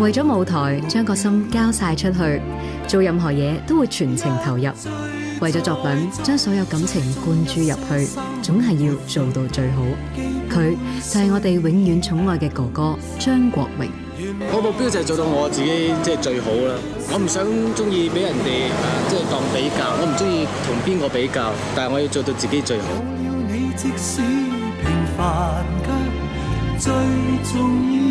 為咗舞台，將個心交晒出去，做任何嘢都會全程投入；為咗作品，將所有感情灌注入去，總係要做到最好。佢就係我哋永遠寵愛嘅哥哥張國榮。我目標就係做到我自己即係最好啦。我唔想中意俾人哋即係當比較，我唔中意同邊個比較，但係我要做到自己最好。 最重要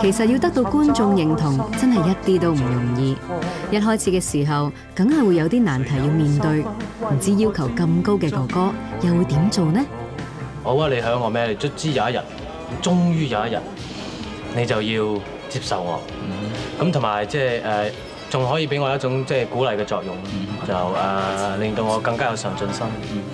其實要得到觀眾認同，真係一啲都唔容易。的一開始嘅時候，梗係會有啲難題要面對，唔知要求咁高嘅哥哥又會點做呢？好啊，你響我咩？卒之有一日，終於有一日，你就要接受我。咁同埋即係誒，仲、嗯就是呃、可以俾我一種即係鼓勵嘅作用，嗯、就誒、呃、令到我更加有上進心。嗯嗯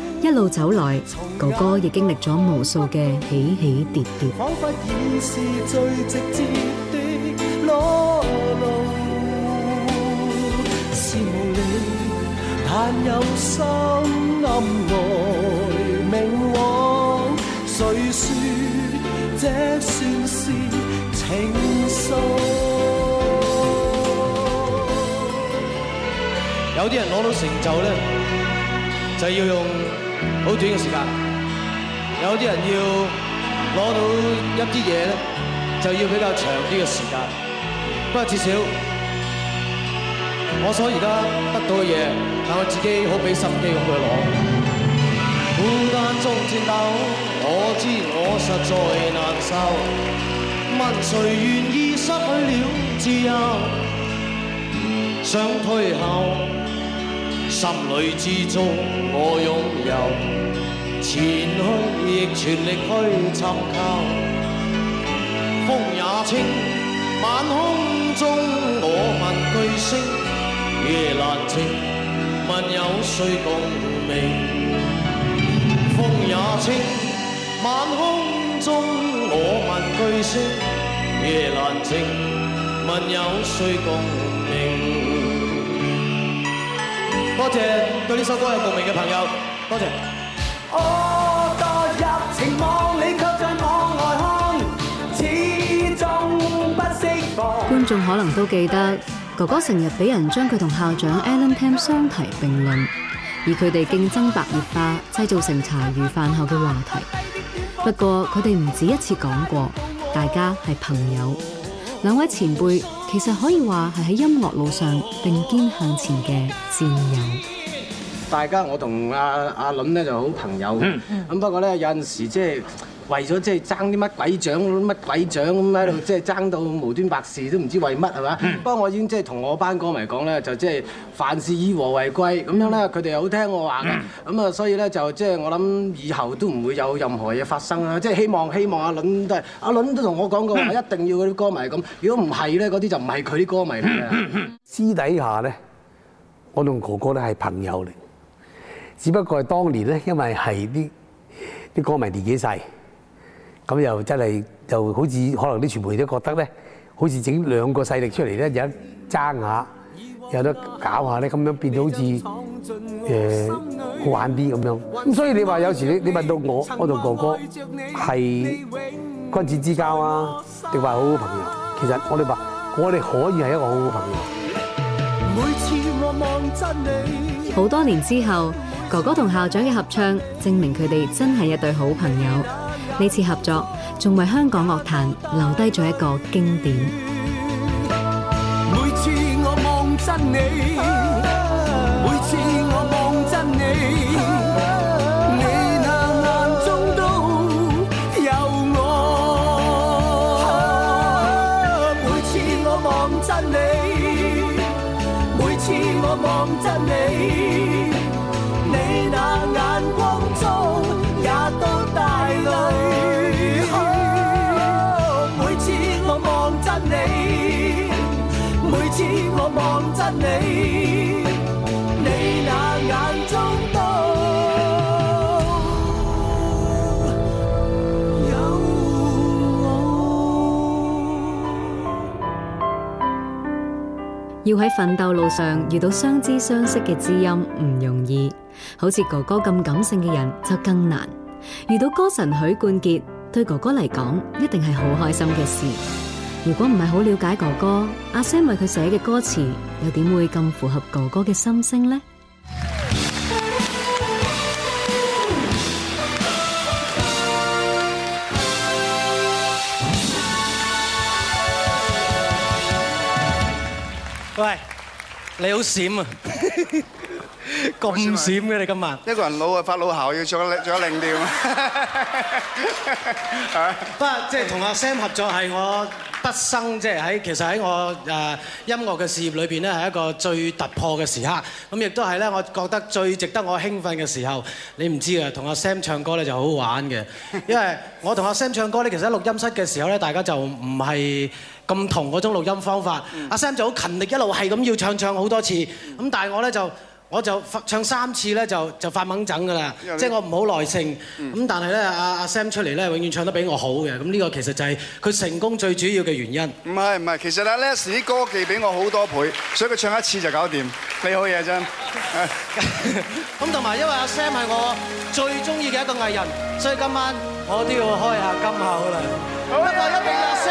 一路走來，哥哥亦經歷咗無數嘅起起跌跌。彷彿已是最直接嘅裸露。你， 但有心暗來明往，誰說這算是情愫。有啲人攞到成就咧，就要用。好短嘅時間，有啲人要攞到一啲嘢咧，就要比較長啲嘅時間。不過至少，我所而家得到嘅嘢，係我自己好俾心機咁去攞。孤 單中戰鬥，我知我實在難受。問誰願意失去了自由？想退後。心裏之中我擁有，前去亦全力去尋求風。風也清，晚空中我問句星，夜闌靜，問有誰共鳴。風也清，晚空中我問句星，夜闌靜，問有誰共鳴。多謝，謝對呢首歌有共鳴嘅朋友，多謝，謝你。我墮入情網，你卻在我外看，始終不釋放。觀眾可能都記得，哥哥成日俾人將佢同校長 Alan Tam 相提並論，而佢哋競爭白熱化，製造成茶餘飯後嘅話題。不過佢哋唔止一次講過，大家係朋友，兩位前輩。其實可以話係喺音樂路上並肩向前嘅戰友。大家，我同阿阿倫咧就好朋友，咁不過咧有陣時即係。 為咗即係爭啲乜鬼獎，乜鬼獎咁喺度，即係爭到無端百事都唔知為乜係嘛？ 不過我已經即係同我班歌迷講咧，就即係凡事以和為貴咁樣咧，佢哋好聽我話嘅。咁啊， 所以咧就即係我諗，以後都唔會有任何嘢發生啊！即係希望，希望阿倫都係阿倫都同我講過話，一定要嗰啲歌迷咁。如果唔係咧，嗰啲就唔係佢啲歌迷嚟嘅。 私底下咧，我同哥哥咧係朋友嚟，只不過係當年咧，因為係啲啲歌迷年紀細。咁、嗯、又真係，就好似可能啲傳媒都覺得咧，好似整兩個勢力出嚟咧，有得爭下，有得搞下咧，咁樣變到好似誒好玩啲咁樣。咁、嗯、所以你話有時你你問到我，我同哥哥係君子之交啊，定話好好朋友？其實我哋話，我哋可以係一個好好朋友。每次我望真你，好多年之後，哥哥同校長嘅合唱，證明佢哋真係一對好朋友。呢次合作仲為香港樂壇留低咗一個經典。每次我要喺奮鬥路上遇到相知相識嘅知音唔容易，好似哥哥咁感性嘅人就更難。遇到歌神許冠傑，對哥哥嚟講一定係好開心嘅事。如果唔係好了解哥哥，阿 Sam 為佢寫嘅歌詞又點會咁符合哥哥嘅心聲呢？喂，你好閃啊！咁閃嘅你今日，一個人老啊發老姣，要著一著一零條。不過，即係同阿 Sam 合作係我畢生即係喺其實喺我誒音樂嘅事業裏邊咧係一個最突破嘅時刻。咁亦都係咧，我覺得最值得我興奮嘅時候，你唔知啊，同阿 Sam 唱歌咧就好玩嘅，因為我同阿 Sam 唱歌咧其實喺錄音室嘅時候咧，大家就唔係。咁同種錄音方法，阿、mm. Sam 就好勤力，一路係咁要唱唱好多次，咁但係我咧就我就唱三次咧就就發懵振㗎啦，即係 我唔好耐性，咁、mm. 但係咧阿阿 Sam 出嚟咧永遠唱得比我好嘅，咁呢個其實就係佢成功最主要嘅原因。唔係唔係其實阿 Les 歌技，比我好多倍，所以佢唱一次就搞掂，你好嘢真。咁同埋因為阿 Sam 係我最中意嘅一個藝人，所以今晚我都要開下金口啦。不過一定阿。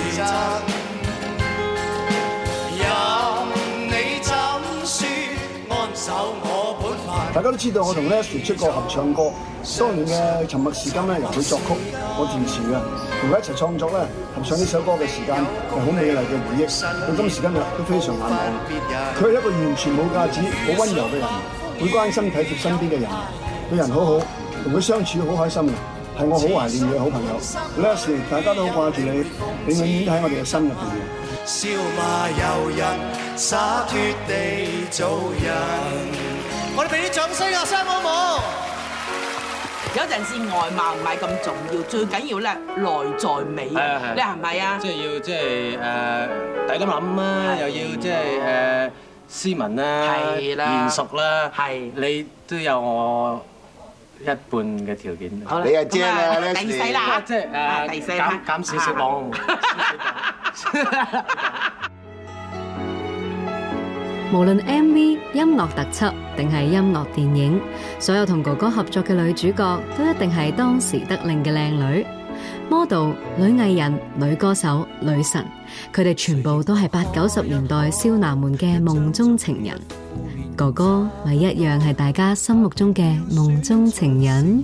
大家都知道我同 Leslie 出過合唱歌，當年嘅沉默是金咧由佢作曲，我填詞嘅，同佢一齊創作咧合唱呢首歌嘅時間係好美麗嘅回憶，到今時今日都非常難忘。佢係一個完全冇架子、好溫柔嘅人會，會關心體貼身邊嘅人，對人好好，同佢相處好開心嘅，係我好懷念嘅好朋友 Leslie。Leslie, 大家都好掛住你，你永遠喺我哋嘅心入邊。笑罵由人，灑脱地做人。我哋俾啲掌聲啊，聲好唔好？有陣時外貌唔係咁重要，最緊要咧內在美。你係咪啊？即係要即係誒，大家諗啊，又要即係誒，斯文啦，成熟啦，你都有我一半嘅條件。好，你係精啊，Leslie，即係誒，第四啦，減少少望。無論 MV、音樂特輯定係音樂電影，所有同哥哥合作嘅女主角都一定係當時得令嘅靚女、model、女藝人、女歌手、女神，佢哋全部都係八九十年代少男們嘅夢中情人。哥哥咪一樣係大家心目中嘅夢中情人。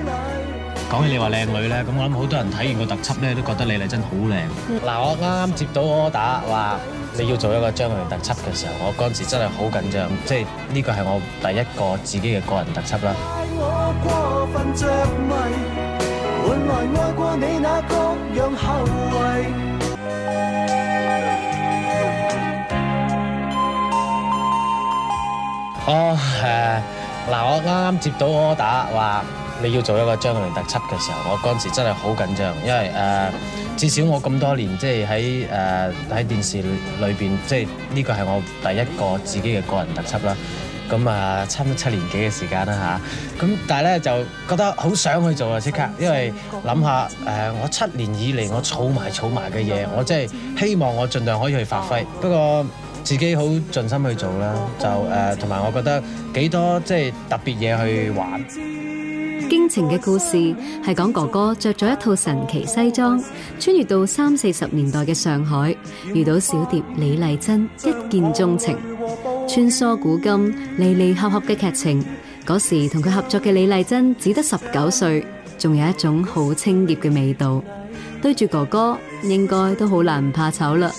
講起你話靚女咧，咁我諗好多人睇完個特輯咧，都覺得你真係好靚。嗱，我啱啱接到 order 話你要做一個將來特輯嘅時候，我嗰陣時真係好緊張，即係呢個係我第一個自己嘅個人特輯啦。我過分着迷，換來愛過你，那各樣後遺，哦，誒，嗱，我啱啱接到 order 話你要做一個張國榮特輯嘅時候，我嗰陣時真係好緊張，因為誒、呃、至少我咁多年即係喺誒喺電視裏邊，即係呢個係我第一個自己嘅個人特輯啦。咁啊，差唔多七年幾嘅時間啦吓，咁、啊、但係咧就覺得好想去做啊！即刻，因為諗下誒、呃、我七年以嚟我儲埋儲埋嘅嘢，我真係希望我儘量可以去發揮。不過自己好盡心去做啦，就誒同埋我覺得幾多即係特別嘢去玩。驚情嘅故事係講哥哥着咗一套神奇西裝，穿越到三四十年代嘅上海，遇到小蝶李麗珍一見鍾情，穿梭古今、離離合合嘅劇情。嗰時同佢合作嘅李麗珍只得十九歲，仲有一種好清甜嘅味道，對住哥哥應該都好難唔怕醜啦。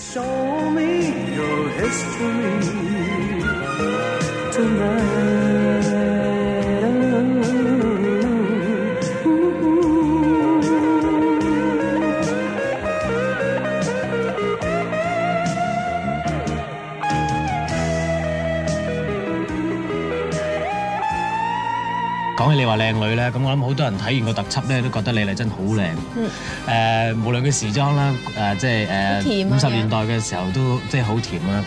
咁我諗好多人睇完個特輯咧，都覺得李麗珍係好靚。誒、嗯呃，無論佢時裝啦，誒、呃，即係誒五十年代嘅時候都即係好甜啦、啊、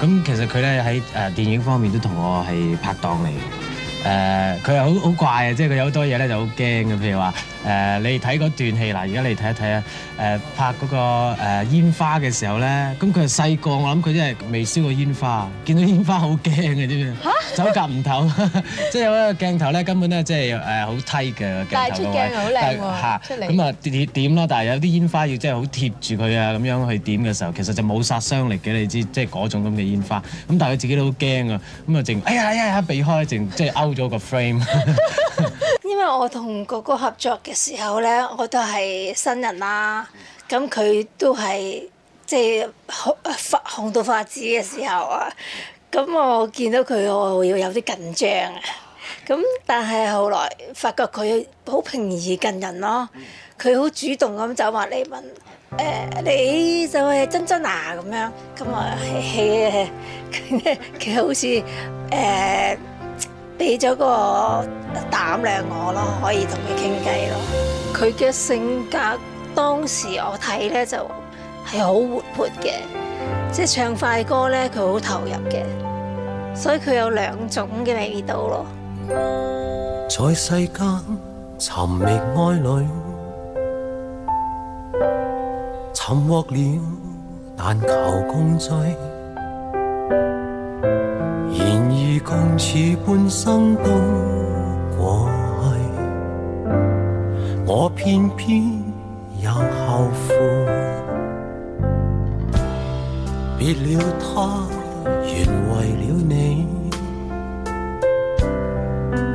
咁。咁其實佢咧喺誒電影方面都同我係拍檔嚟嘅。誒、呃，佢係好好怪啊，即係佢有好多嘢咧就好驚嘅譬如話。誒，uh, 你睇嗰段戲嗱，而家你睇一睇啊！誒、呃，拍嗰、那個誒、呃、煙花嘅時候咧，咁佢細個，我諗佢真係未燒過煙花，見到煙花好驚嘅啫，知蛤手夾唔透， 即係嗰個鏡頭咧，根本咧即係誒好 tight 嘅，但係出鏡好靚喎，嚇，咁啊點點點啦！但係有啲煙花要即係好貼住佢啊咁樣去點嘅時候，其實就冇殺傷力嘅，你知即係嗰種咁嘅煙花。咁但係佢自己都好驚啊！咁啊，淨哎呀哎呀，避、呃、開淨即係勾咗個 frame。 因為我同哥哥合作嘅時候咧，我都係新人啦。咁佢都係即係紅到發紫嘅時候啊。咁我見到佢，我會有啲緊張啊。咁但係後來發覺佢好平易近人咯，佢好主動咁走埋嚟問，誒、呃，你就係珍珍啊咁樣。咁啊，佢佢好似誒，俾咗個。膽量我咯，可以同佢傾偈咯。佢嘅性格當時我睇咧就係好活潑嘅，即係唱快歌咧佢好投入嘅，所以佢有兩種嘅味道咯。在世間尋覓愛侶，尋獲了，但求共聚，然而共此半生都。我偏偏又後悔，別了他，原為了你，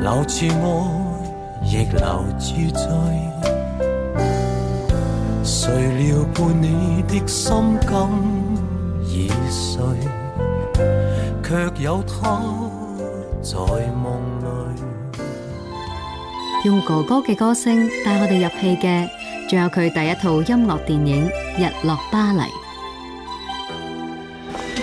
留住愛，亦留住罪。誰料伴你的心今已碎，卻有他在夢。用哥哥嘅歌聲帶我哋入戲嘅，仲有佢第一套音樂電影《日落巴黎》。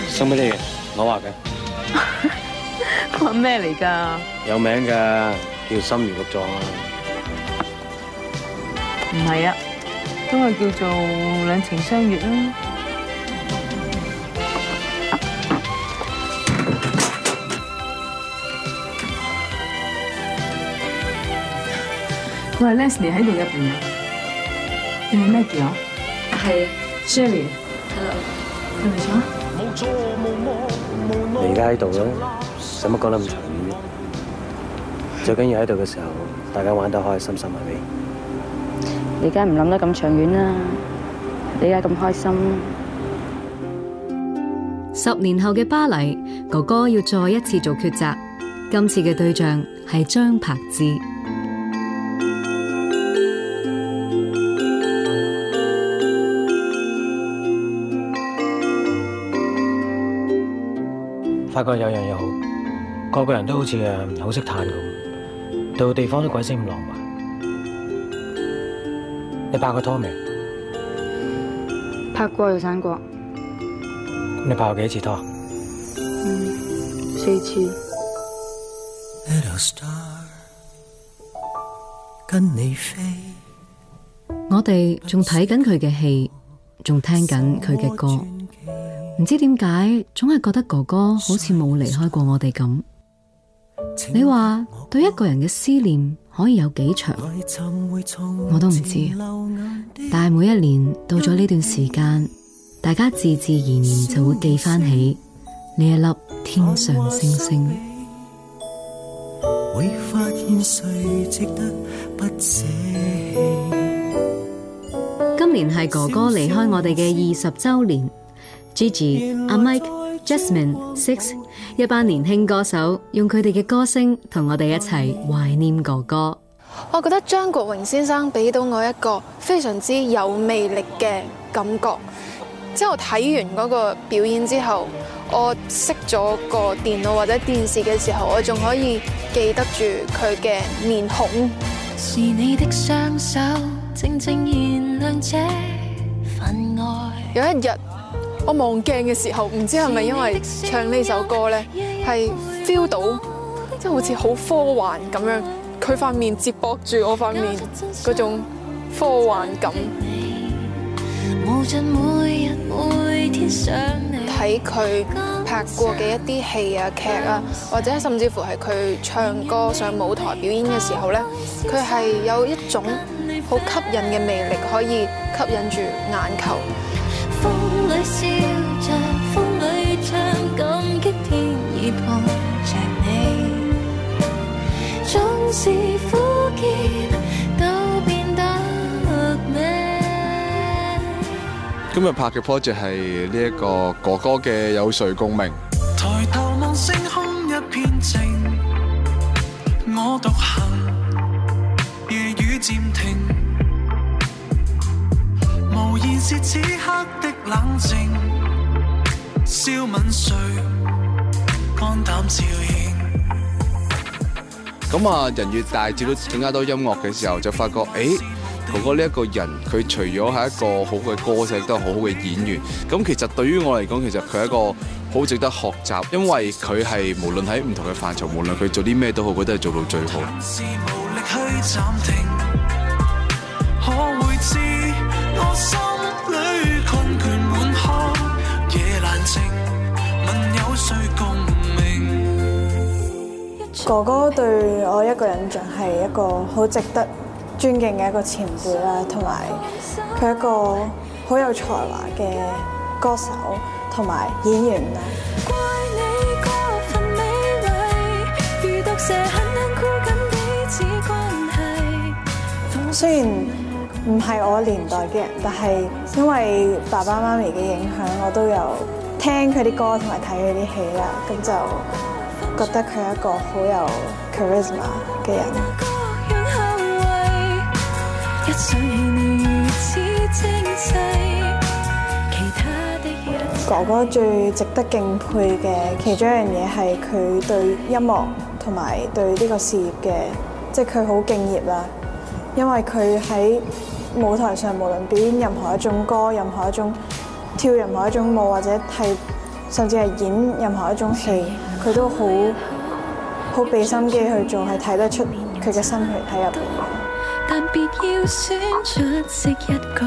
送俾你，我話嘅。話咩嚟㗎？有名㗎，叫《心如玉撞》啊。唔係啊，都係叫做兩情相悅啦。我係 Leslie 喺度入邊啊！你係咩嘢啊？係 Sherry。Hello，做咩？冇錯冇錯，你而家喺度啦，使乜講得咁長遠啫？最緊要喺度嘅時候，大家玩得開心，心未？你而家唔諗得咁長遠啦，你而家咁開心。十年後嘅巴黎，哥哥要再一次做抉擇，今次嘅對象係張柏芝。發覺有樣又好，個個人都好似，誒好識嘆咁，到地方都鬼死咁浪漫。你拍過拖未？拍過又散過。你拍過幾次拖？嗯，四次。跟你飛。我哋仲睇緊佢嘅戲，仲聽緊佢嘅歌。唔知點解，總係覺得哥哥好似冇離開過我哋咁。你話對一個人嘅思念可以有幾長？我都唔知。但係每一年到咗呢段時間，大家自自然然就會記翻起呢一粒天上星星。今年係哥哥離開我哋嘅二十周年。Gigi、阿 Mike、Jasmine、Six 一班年輕歌手用佢哋嘅歌聲同我哋一齊懷念哥哥。我覺得張國榮先生俾到我一個非常之有魅力嘅感覺。之後睇完嗰個表演之後，我熄咗個電腦或者電視嘅時候，我仲可以記得住佢嘅面孔。是你的雙手靜靜燃亮這份愛。有一日。我望鏡嘅時候，唔知係咪因為唱呢首歌呢，係 feel 到即係好似好科幻咁樣，佢塊面接駁住我塊面嗰種科幻感。無盡每日每天想睇佢拍過嘅一啲戲啊劇啊，或者甚至乎係佢唱歌上舞台表演嘅時候呢，佢係有一種好吸引嘅魅力，可以吸引住眼球。 碰着你，縱是苦澀都變得美。今日拍嘅 project 係呢一個哥哥嘅有誰共鳴。咁啊，人越大接到更加多音樂嘅時候，就發覺，誒、欸，哥哥呢一個人，佢除咗係一個好嘅歌手，都係好好嘅演員。咁其實對於我嚟講，其實佢係一個好值得學習，因為佢係無論喺唔同嘅範疇，無論佢做啲咩都好，佢都係做到最好。 哥哥對我一個印象係一個好值得尊敬嘅一個前輩啦，同埋佢一個好有才華嘅歌手同埋演員啦。雖然唔係我年代嘅人，但係因為爸爸媽咪嘅影響，我都有聽佢啲歌同埋睇佢啲戲啦，咁就。覺得佢係一個好有 charisma 嘅人。哥哥最值得敬佩嘅，其中一樣嘢係佢對音樂同埋對呢個事業嘅，即係佢好敬業啦。因為佢喺舞台上，無論表演任何一種歌、任何一種跳、任何一種舞，或者係甚至係演任何一種戲。佢都好好俾心機去做，係睇得出佢嘅心去睇入但要出一個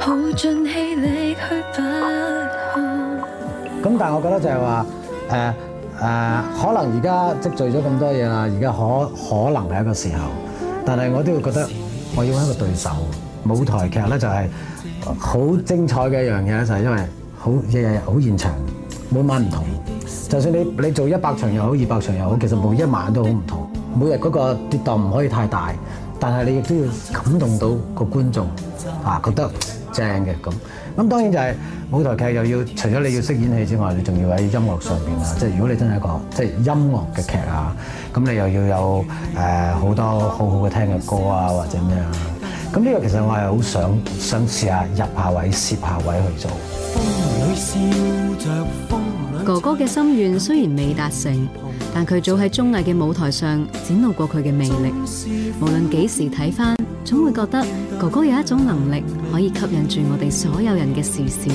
好盡氣力去不可。咁但係我覺得就係話誒誒，可能而家積聚咗咁多嘢啦，而家可可能係一個時候，但係我都會覺得我要揾一個對手。舞台劇咧就係好精彩嘅一樣嘢，就係因為好日日好現場。每晚唔同，就算你你做一百場又好，二百場又好，其實每一晚都好唔同。每日嗰個跌宕唔可以太大，但係你亦都要感動到個觀眾，啊，覺得正嘅咁。咁當然就係舞台劇又要除咗你要識演戲之外，你仲要喺音樂上面啊。即係如果你真係一個即係音樂嘅劇啊，咁你又要有誒好多好好嘅聽嘅歌啊，或者咩啊。咁呢個其實我係好想，想試下入下位、攝下位去做。哥哥嘅心願雖然未達成，但佢早喺綜藝嘅舞台上展露過佢嘅魅力。無論幾時睇返，總會覺得哥哥有一種能力可以吸引住我哋所有人嘅視線。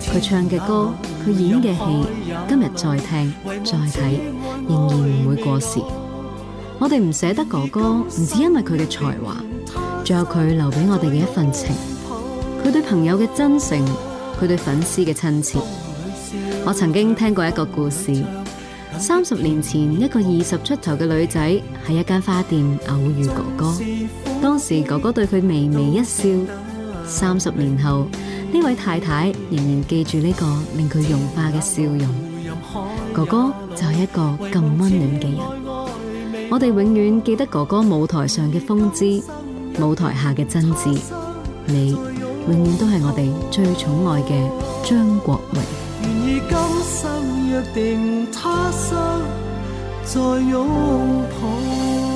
佢唱嘅歌，佢演嘅戲，今日再聽再睇，仍然唔會過時。我哋唔捨得哥哥，唔止因為佢嘅才華，仲有佢留俾我哋嘅一份情，佢對朋友嘅真誠。佢對粉絲嘅親切，我曾經聽過一個故事。三十年前，一個二十出頭嘅女仔喺一間花店偶遇哥哥，當時哥哥對佢微微一笑。三十年後，呢位太太仍然記住呢個令佢融化嘅笑容。哥哥就係一個咁溫暖嘅人，我哋永遠記得哥哥舞台上嘅風姿，舞台下嘅真摯，你。永遠都係我哋最寵愛嘅張國榮。願意今生約定，他生再擁抱。